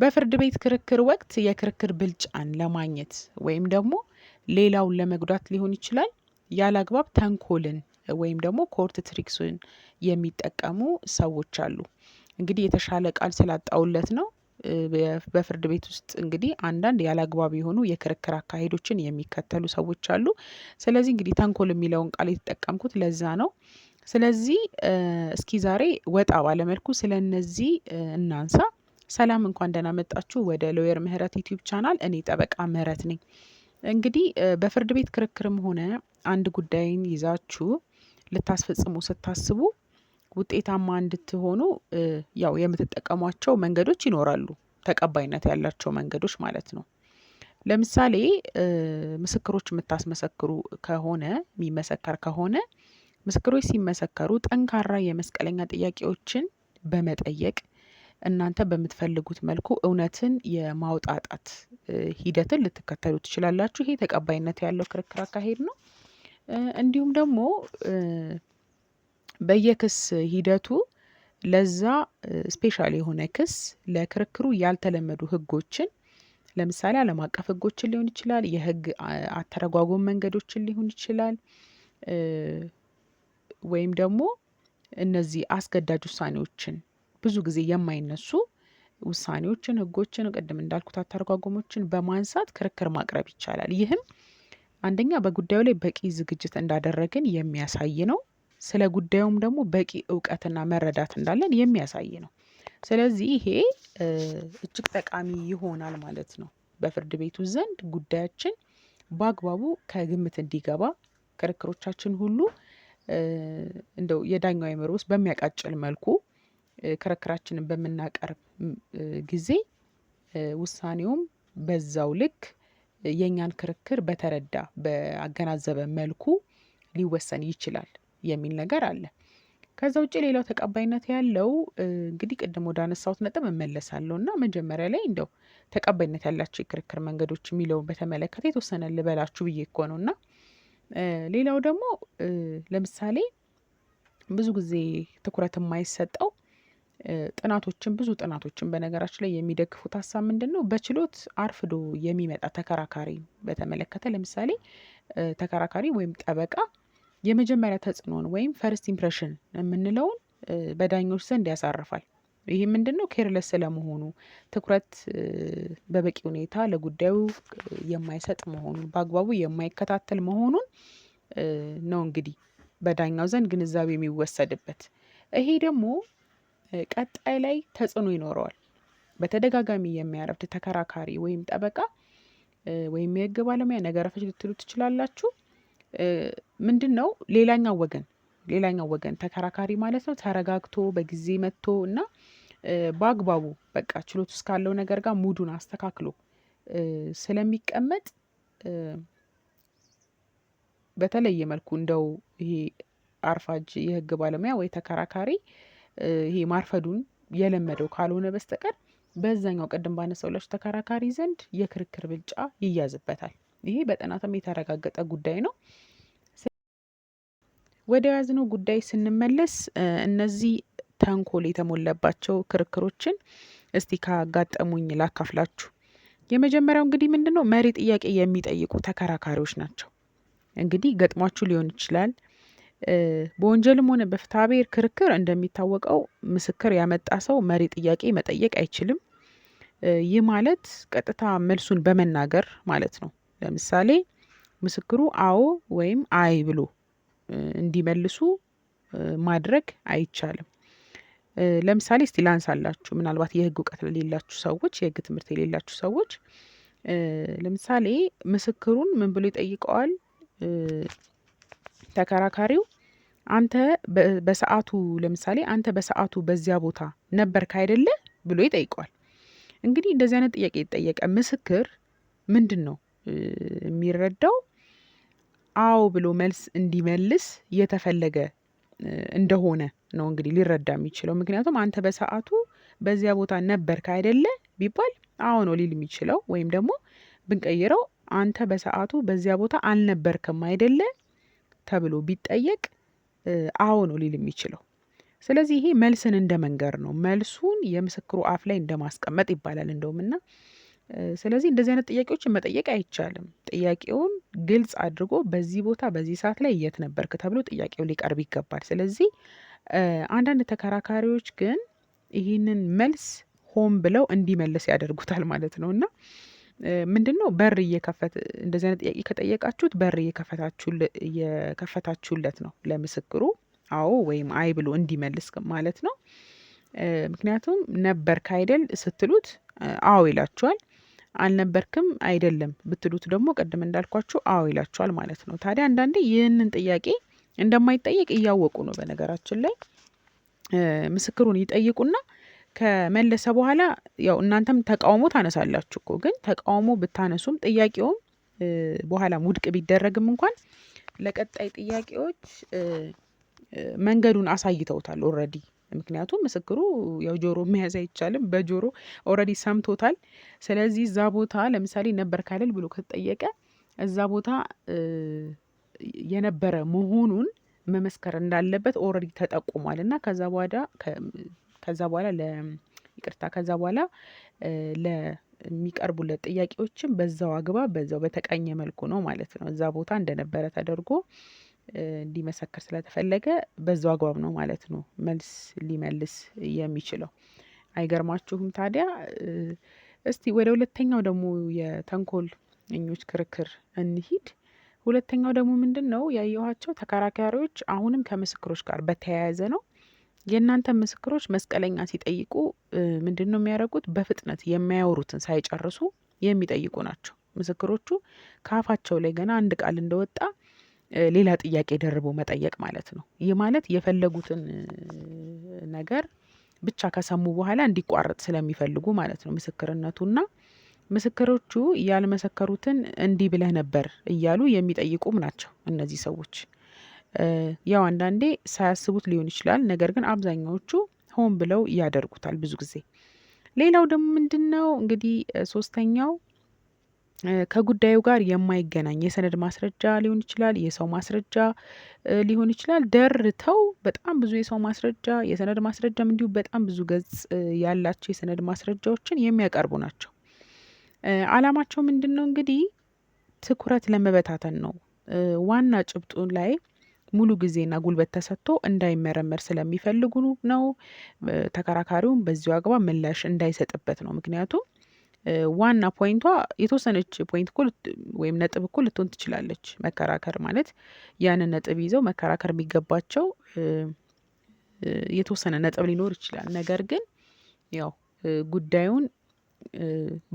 በፍርድ ቤት ክርክር ወቅት የክርክር ብልጫን ለማግኘት ወይም ደግሞ ሌላውን ለመጉዳት ሊሆን ይችላል አግባብ ተንኮልን ወይም ደግሞ ኮርት ትሪክስን የሚጠቀሙ ሰዎች አሉ። እንግዲህ የተሻለ ቃል ስላጣውለት ነው። በፍርድ ቤት ውስጥ እንግዲህ አንዳንድ አግባብ የሆኑ የክርክር አካሄዶችን የሚከተሉ ሰዎች አሉ። ስለዚህ እንግዲህ ተንኮል የሚለውን ቃል የተጠቀምኩት ለዛ ነው። ስለዚህ እስኪ ዛሬ ወጣ ባለመልኩ ስለነዚህ እናንሳ ሰላም እንኳን ደህና መጣችሁ ወደ ሎየር ምህረት ዩቲዩብ ቻናል። እኔ ጠበቃ ምህረት ነኝ። እንግዲህ በፍርድ ቤት ክርክርም ሆነ አንድ ጉዳይን ይዛችሁ ልታስፈጽሙ ስታስቡ ውጤታማ እንድትሆኑ ያው የምትጠቀሟቸው መንገዶች ይኖራሉ፣ ተቀባይነት ያላቸው መንገዶች ማለት ነው። ለምሳሌ ምስክሮች የምታስመሰክሩ ከሆነ የሚመሰከር ከሆነ ምስክሮች ሲመሰከሩ ጠንካራ የመስቀለኛ ጥያቄዎችን በመጠየቅ እናንተ በምትፈልጉት መልኩ እውነትን የማውጣጣት ሂደትን ልትከተሉ ትችላላችሁ። ይሄ ተቀባይነት ያለው ክርክር አካሄድ ነው። እንዲሁም ደግሞ በየክስ ሂደቱ ለዛ ስፔሻል የሆነ ክስ ለክርክሩ ያልተለመዱ ህጎችን ለምሳሌ ዓለም አቀፍ ህጎችን ሊሆን ይችላል፣ የህግ አተረጓጎም መንገዶችን ሊሆን ይችላል ወይም ደግሞ እነዚህ አስገዳጅ ውሳኔዎችን ብዙ ጊዜ የማይነሱ ውሳኔዎችን፣ ህጎችን፣ ቅድም እንዳልኩት አተረጓጎሞችን በማንሳት ክርክር ማቅረብ ይቻላል። ይህም አንደኛ በጉዳዩ ላይ በቂ ዝግጅት እንዳደረግን የሚያሳይ ነው። ስለ ጉዳዩም ደግሞ በቂ እውቀትና መረዳት እንዳለን የሚያሳይ ነው። ስለዚህ ይሄ እጅግ ጠቃሚ ይሆናል ማለት ነው። በፍርድ ቤቱ ዘንድ ጉዳያችን በአግባቡ ከግምት እንዲገባ ክርክሮቻችን ሁሉ እንደው የዳኛው አእምሮ ውስጥ በሚያቃጭል መልኩ ክርክራችንን በምናቀርብ ጊዜ ውሳኔውም በዛው ልክ የእኛን ክርክር በተረዳ በአገናዘበ መልኩ ሊወሰን ይችላል የሚል ነገር አለ። ከዛ ውጭ ሌላው ተቀባይነት ያለው እንግዲህ ቅድም ወደ አነሳሁት ነጥብ እመለሳለሁ እና መጀመሪያ ላይ እንደው ተቀባይነት ያላቸው የክርክር መንገዶች የሚለውን በተመለከተ የተወሰነ ልበላችሁ ብዬ እኮ ነው እና ሌላው ደግሞ ለምሳሌ ብዙ ጊዜ ትኩረት የማይሰጠው ጥናቶችን ብዙ ጥናቶችን በነገራችን ላይ የሚደግፉት ሀሳብ ምንድነው? በችሎት አርፍዶ የሚመጣ ተከራካሪ በተመለከተ ለምሳሌ ተከራካሪ ወይም ጠበቃ የመጀመሪያ ተጽዕኖን ወይም ፈርስት ኢምፕሬሽን የምንለውን በዳኞች ዘንድ ያሳርፋል። ይህ ነው? ኬርለስ ስለመሆኑ ትኩረት በበቂ ሁኔታ ለጉዳዩ የማይሰጥ መሆኑን በአግባቡ የማይከታተል መሆኑን ነው እንግዲህ በዳኛው ዘንድ ግንዛቤ የሚወሰድበት ይሄ ደግሞ ቀጣይ ላይ ተጽዕኖ ይኖረዋል። በተደጋጋሚ የሚያረፍድ ተከራካሪ ወይም ጠበቃ ወይም የህግ ባለሙያ ነገረ ፈጅ ልትሉ ትችላላችሁ። ምንድን ነው ሌላኛው ወገን ሌላኛው ወገን ተከራካሪ ማለት ነው ተረጋግቶ በጊዜ መጥቶ እና በአግባቡ በቃ ችሎት ውስጥ ካለው ነገር ጋር ሙዱን አስተካክሎ ስለሚቀመጥ በተለየ መልኩ እንደው ይሄ አርፋጅ የህግ ባለሙያ ወይ ተከራካሪ ይሄ ማርፈዱን የለመደው ካልሆነ በስተቀር በዛኛው ቅድም ባነሳውላችሁ ተከራካሪ ዘንድ የክርክር ብልጫ ይያዝበታል። ይሄ በጥናትም የተረጋገጠ ጉዳይ ነው። ወደ ያዝነው ጉዳይ ስንመለስ እነዚህ ተንኮል የተሞላባቸው ክርክሮችን እስቲ ካጋጠሙኝ ላካፍላችሁ። የመጀመሪያው እንግዲህ ምንድን ነው መሪ ጥያቄ የሚጠይቁ ተከራካሪዎች ናቸው። እንግዲህ ገጥሟችሁ ሊሆን ይችላል። በወንጀልም ሆነ በፍትሐብሔር ክርክር እንደሚታወቀው ምስክር ያመጣ ሰው መሪ ጥያቄ መጠየቅ አይችልም። ይህ ማለት ቀጥታ መልሱን በመናገር ማለት ነው። ለምሳሌ ምስክሩ አዎ ወይም አይ ብሎ እንዲመልሱ ማድረግ አይቻልም። ለምሳሌ እስቲ ላንሳላችሁ ምናልባት የህግ እውቀት ለሌላችሁ ሰዎች የህግ ትምህርት የሌላችሁ ሰዎች ለምሳሌ ምስክሩን ምን ብሎ ይጠይቀዋል? ተከራካሪው አንተ በሰዓቱ ለምሳሌ አንተ በሰዓቱ በዚያ ቦታ ነበርክ አይደለ ብሎ ይጠይቋል። እንግዲህ እንደዚህ አይነት ጥያቄ የጠየቀ ምስክር ምንድን ነው የሚረዳው? አዎ ብሎ መልስ እንዲመልስ የተፈለገ እንደሆነ ነው እንግዲህ ሊረዳ የሚችለው። ምክንያቱም አንተ በሰዓቱ በዚያ ቦታ ነበርክ አይደለ ቢባል አዎ ነው ሊል የሚችለው ወይም ደግሞ ብንቀይረው አንተ በሰዓቱ በዚያ ቦታ አልነበርክም አይደለ ተብሎ ቢጠየቅ አዎ ነው ሊል የሚችለው። ስለዚህ ይሄ መልስን እንደ መንገር ነው መልሱን የምስክሩ አፍ ላይ እንደማስቀመጥ ይባላል። እንደውም እና ስለዚህ እንደዚህ አይነት ጥያቄዎችን መጠየቅ አይቻልም። ጥያቄውን ግልጽ አድርጎ በዚህ ቦታ በዚህ ሰዓት ላይ የት ነበርክ ተብሎ ጥያቄው ሊቀርብ ይገባል። ስለዚህ አንዳንድ ተከራካሪዎች ግን ይህንን መልስ ሆን ብለው እንዲመልስ ያደርጉታል ማለት ነው። እና ምንድነው በር እየከፈት እንደዚህ አይነት ጥያቄ ከጠየቃችሁት በር እየከፈታችሁለት ነው ለምስክሩ አዎ ወይም አይ ብሎ እንዲመልስ ማለት ነው። ምክንያቱም ነበርክ አይደል ስትሉት አዎ ይላችኋል። አልነበርክም አይደለም ብትሉት ደግሞ ቅድም እንዳልኳችሁ አዎ ይላችኋል ማለት ነው። ታዲያ አንዳንዴ ይህንን ጥያቄ እንደማይጠየቅ እያወቁ ነው በነገራችን ላይ ምስክሩን ይጠይቁና ከመለሰ በኋላ ያው እናንተም ተቃውሞ ታነሳላችሁ እኮ ግን ተቃውሞ ብታነሱም ጥያቄውም በኋላም ውድቅ ቢደረግም እንኳን ለቀጣይ ጥያቄዎች መንገዱን አሳይተውታል ኦረዲ ምክንያቱም ምስክሩ ያው ጆሮ መያዝ አይቻልም፣ በጆሮ ኦረዲ ሰምቶታል። ስለዚህ እዛ ቦታ ለምሳሌ ነበር ካለል ብሎ ከተጠየቀ እዛ ቦታ የነበረ መሆኑን መመስከር እንዳለበት ኦረዲ ተጠቁሟል እና ከዛ በኋላ ከዛ በኋላ ለይቅርታ ከዛ በኋላ ለሚቀርቡለት ጥያቄዎችም በዛው አግባብ በዛው በተቃኘ መልኩ ነው ማለት ነው። እዛ ቦታ እንደነበረ ተደርጎ እንዲመሰከር ስለተፈለገ በዛው አግባብ ነው ማለት ነው መልስ ሊመልስ የሚችለው። አይገርማችሁም ታዲያ? እስቲ ወደ ሁለተኛው ደግሞ የተንኮለኞች ክርክር እንሂድ። ሁለተኛው ደግሞ ምንድን ነው ያየኋቸው ተከራካሪዎች አሁንም ከምስክሮች ጋር በተያያዘ ነው። የእናንተ ምስክሮች መስቀለኛ ሲጠይቁ ምንድነው የሚያደርጉት? በፍጥነት የሚያወሩትን ሳይጨርሱ የሚጠይቁ ናቸው። ምስክሮቹ ከአፋቸው ላይ ገና አንድ ቃል እንደወጣ ሌላ ጥያቄ ደርቦ መጠየቅ ማለት ነው። ይህ ማለት የፈለጉትን ነገር ብቻ ከሰሙ በኋላ እንዲቋረጥ ስለሚፈልጉ ማለት ነው። ምስክርነቱና ምስክሮቹ ያልመሰከሩትን እንዲህ ብለህ ነበር እያሉ የሚጠይቁም ናቸው እነዚህ ሰዎች ያው አንዳንዴ ሳያስቡት ሊሆን ይችላል። ነገር ግን አብዛኛዎቹ ሆን ብለው ያደርጉታል ብዙ ጊዜ። ሌላው ደግሞ ነው እንግዲህ ሶስተኛው ከጉዳዩ ጋር የማይገናኝ የሰነድ ማስረጃ ሊሆን ይችላል የሰው ማስረጃ ሊሆን ይችላል ደርተው በጣም ብዙ የሰው ማስረጃ የሰነድ ማስረጃም እንዲሁ በጣም ብዙ ገጽ ያላቸው የሰነድ ማስረጃዎችን የሚያቀርቡ ናቸው። አላማቸው ነው እንግዲህ ትኩረት ለመበታተን ነው። ዋና ጭብጡ ላይ ሙሉ ጊዜና ጉልበት ተሰጥቶ እንዳይመረመር ስለሚፈልጉ ነው። ተከራካሪውም በዚሁ አግባብ ምላሽ እንዳይሰጥበት ነው። ምክንያቱም ዋና ፖይንቷ የተወሰነች ፖይንት እኮ ወይም ነጥብ እኮ ልትሆን ትችላለች። መከራከር ማለት ያንን ነጥብ ይዘው መከራከር የሚገባቸው የተወሰነ ነጥብ ሊኖር ይችላል። ነገር ግን ያው ጉዳዩን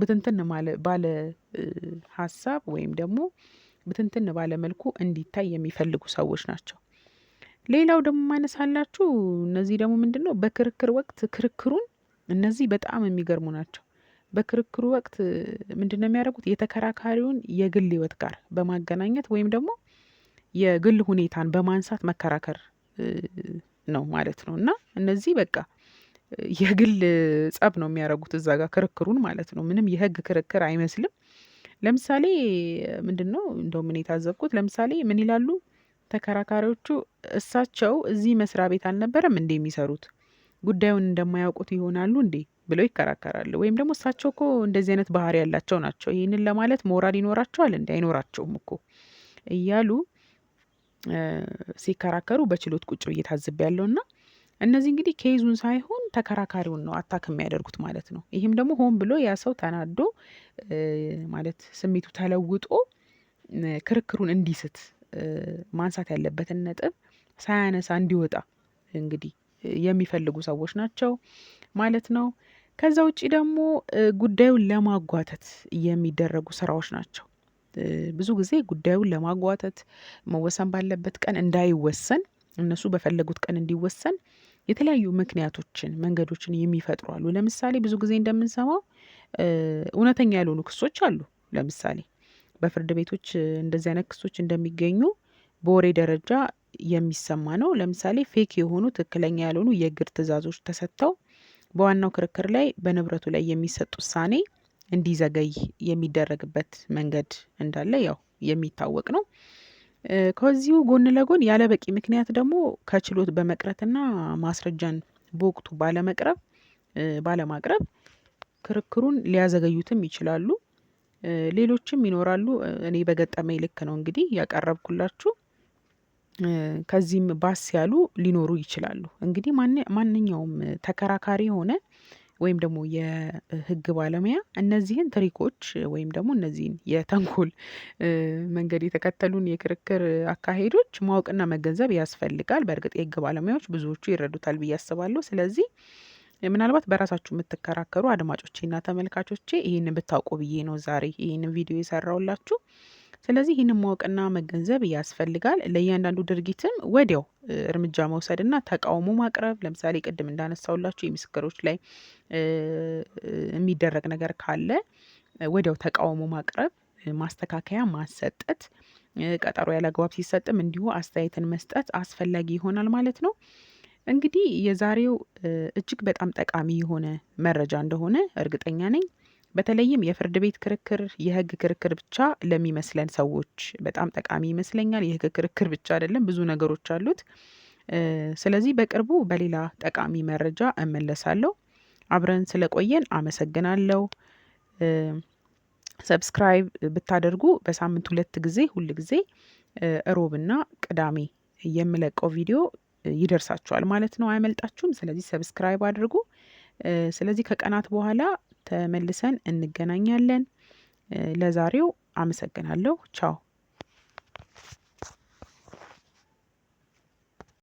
ብትንትን ባለ ሀሳብ ወይም ደግሞ ብትንትን ባለመልኩ እንዲታይ የሚፈልጉ ሰዎች ናቸው። ሌላው ደግሞ ማነሳላችሁ እነዚህ ደግሞ ምንድን ነው በክርክር ወቅት ክርክሩን እነዚህ በጣም የሚገርሙ ናቸው። በክርክሩ ወቅት ምንድን ነው የሚያደርጉት? የተከራካሪውን የግል ህይወት ጋር በማገናኘት ወይም ደግሞ የግል ሁኔታን በማንሳት መከራከር ነው ማለት ነው። እና እነዚህ በቃ የግል ጸብ ነው የሚያደርጉት እዛ ጋር ክርክሩን ማለት ነው። ምንም የህግ ክርክር አይመስልም። ለምሳሌ ምንድነው እንደውም እኔ የታዘብኩት ለምሳሌ ምን ይላሉ ተከራካሪዎቹ እሳቸው እዚህ መስሪያ ቤት አልነበረም እንዴ የሚሰሩት ጉዳዩን እንደማያውቁት ይሆናሉ እንዴ ብለው ይከራከራሉ። ወይም ደግሞ እሳቸው እኮ እንደዚህ አይነት ባህሪ ያላቸው ናቸው ይህንን ለማለት ሞራል ይኖራቸዋል እንዴ አይኖራቸውም እኮ እያሉ ሲከራከሩ በችሎት ቁጭ ብዬ ታዝቤያለሁ። እና እነዚህ እንግዲህ ኬዙን ሳይሆን ተከራካሪውን ነው አታክ የሚያደርጉት ማለት ነው። ይህም ደግሞ ሆን ብሎ ያ ሰው ተናዶ ማለት ስሜቱ ተለውጦ ክርክሩን እንዲስት ማንሳት ያለበትን ነጥብ ሳያነሳ እንዲወጣ እንግዲህ የሚፈልጉ ሰዎች ናቸው ማለት ነው። ከዛ ውጭ ደግሞ ጉዳዩን ለማጓተት የሚደረጉ ስራዎች ናቸው። ብዙ ጊዜ ጉዳዩን ለማጓተት መወሰን ባለበት ቀን እንዳይወሰን እነሱ በፈለጉት ቀን እንዲወሰን የተለያዩ ምክንያቶችን መንገዶችን የሚፈጥሩ አሉ። ለምሳሌ ብዙ ጊዜ እንደምንሰማው እውነተኛ ያልሆኑ ክሶች አሉ። ለምሳሌ በፍርድ ቤቶች እንደዚህ አይነት ክሶች እንደሚገኙ በወሬ ደረጃ የሚሰማ ነው። ለምሳሌ ፌክ የሆኑ ትክክለኛ ያልሆኑ የእግድ ትዕዛዞች ተሰጥተው በዋናው ክርክር ላይ በንብረቱ ላይ የሚሰጥ ውሳኔ እንዲዘገይ የሚደረግበት መንገድ እንዳለ ያው የሚታወቅ ነው። ከዚሁ ጎን ለጎን ያለበቂ ምክንያት ደግሞ ከችሎት በመቅረትና ማስረጃን በወቅቱ ባለመቅረብ ባለማቅረብ ክርክሩን ሊያዘገዩትም ይችላሉ። ሌሎችም ይኖራሉ እኔ በገጠመኝ ልክ ነው እንግዲህ ያቀረብኩላችሁ። ከዚህም ባስ ያሉ ሊኖሩ ይችላሉ። እንግዲህ ማንኛውም ተከራካሪ ሆነ ወይም ደግሞ የህግ ባለሙያ እነዚህን ትሪኮች ወይም ደግሞ እነዚህን የተንኮል መንገድ የተከተሉን የክርክር አካሄዶች ማወቅና መገንዘብ ያስፈልጋል። በእርግጥ የህግ ባለሙያዎች ብዙዎቹ ይረዱታል ብዬ አስባለሁ። ስለዚህ ምናልባት በራሳችሁ የምትከራከሩ አድማጮቼና ተመልካቾቼ ይህንን ብታውቁ ብዬ ነው ዛሬ ይህንን ቪዲዮ የሰራውላችሁ ስለዚህ ይህንን ማወቅና መገንዘብ ያስፈልጋል። ለእያንዳንዱ ድርጊትም ወዲያው እርምጃ መውሰድና ተቃውሞ ማቅረብ፣ ለምሳሌ ቅድም እንዳነሳውላቸው የምስክሮች ላይ የሚደረግ ነገር ካለ ወዲያው ተቃውሞ ማቅረብ፣ ማስተካከያ ማሰጠት፣ ቀጠሮ ያለአግባብ ሲሰጥም እንዲሁ አስተያየትን መስጠት አስፈላጊ ይሆናል ማለት ነው። እንግዲህ የዛሬው እጅግ በጣም ጠቃሚ የሆነ መረጃ እንደሆነ እርግጠኛ ነኝ። በተለይም የፍርድ ቤት ክርክር፣ የህግ ክርክር ብቻ ለሚመስለን ሰዎች በጣም ጠቃሚ ይመስለኛል። የህግ ክርክር ብቻ አይደለም፣ ብዙ ነገሮች አሉት። ስለዚህ በቅርቡ በሌላ ጠቃሚ መረጃ እመለሳለሁ። አብረን ስለቆየን አመሰግናለሁ። ሰብስክራይብ ብታደርጉ በሳምንት ሁለት ጊዜ ሁል ጊዜ እሮብና ቅዳሜ የምለቀው ቪዲዮ ይደርሳችኋል ማለት ነው፣ አያመልጣችሁም። ስለዚህ ሰብስክራይብ አድርጉ። ስለዚህ ከቀናት በኋላ ተመልሰን እንገናኛለን። ለዛሬው አመሰግናለሁ ቻው